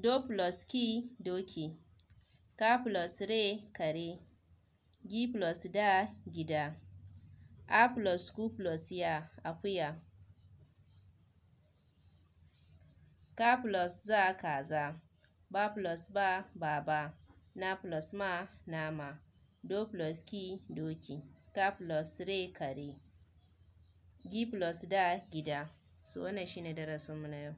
Do plus ki doki. Ka plus re kare. Gi plus da gida. A plus ku plus ya akuya. Ka plus za kaza. Ba plus ba baba. Na plus ma nama. Do plus ki doki. Ka plus re kare. Gi plus da gida. So wannan shi ne darasinmu na yau.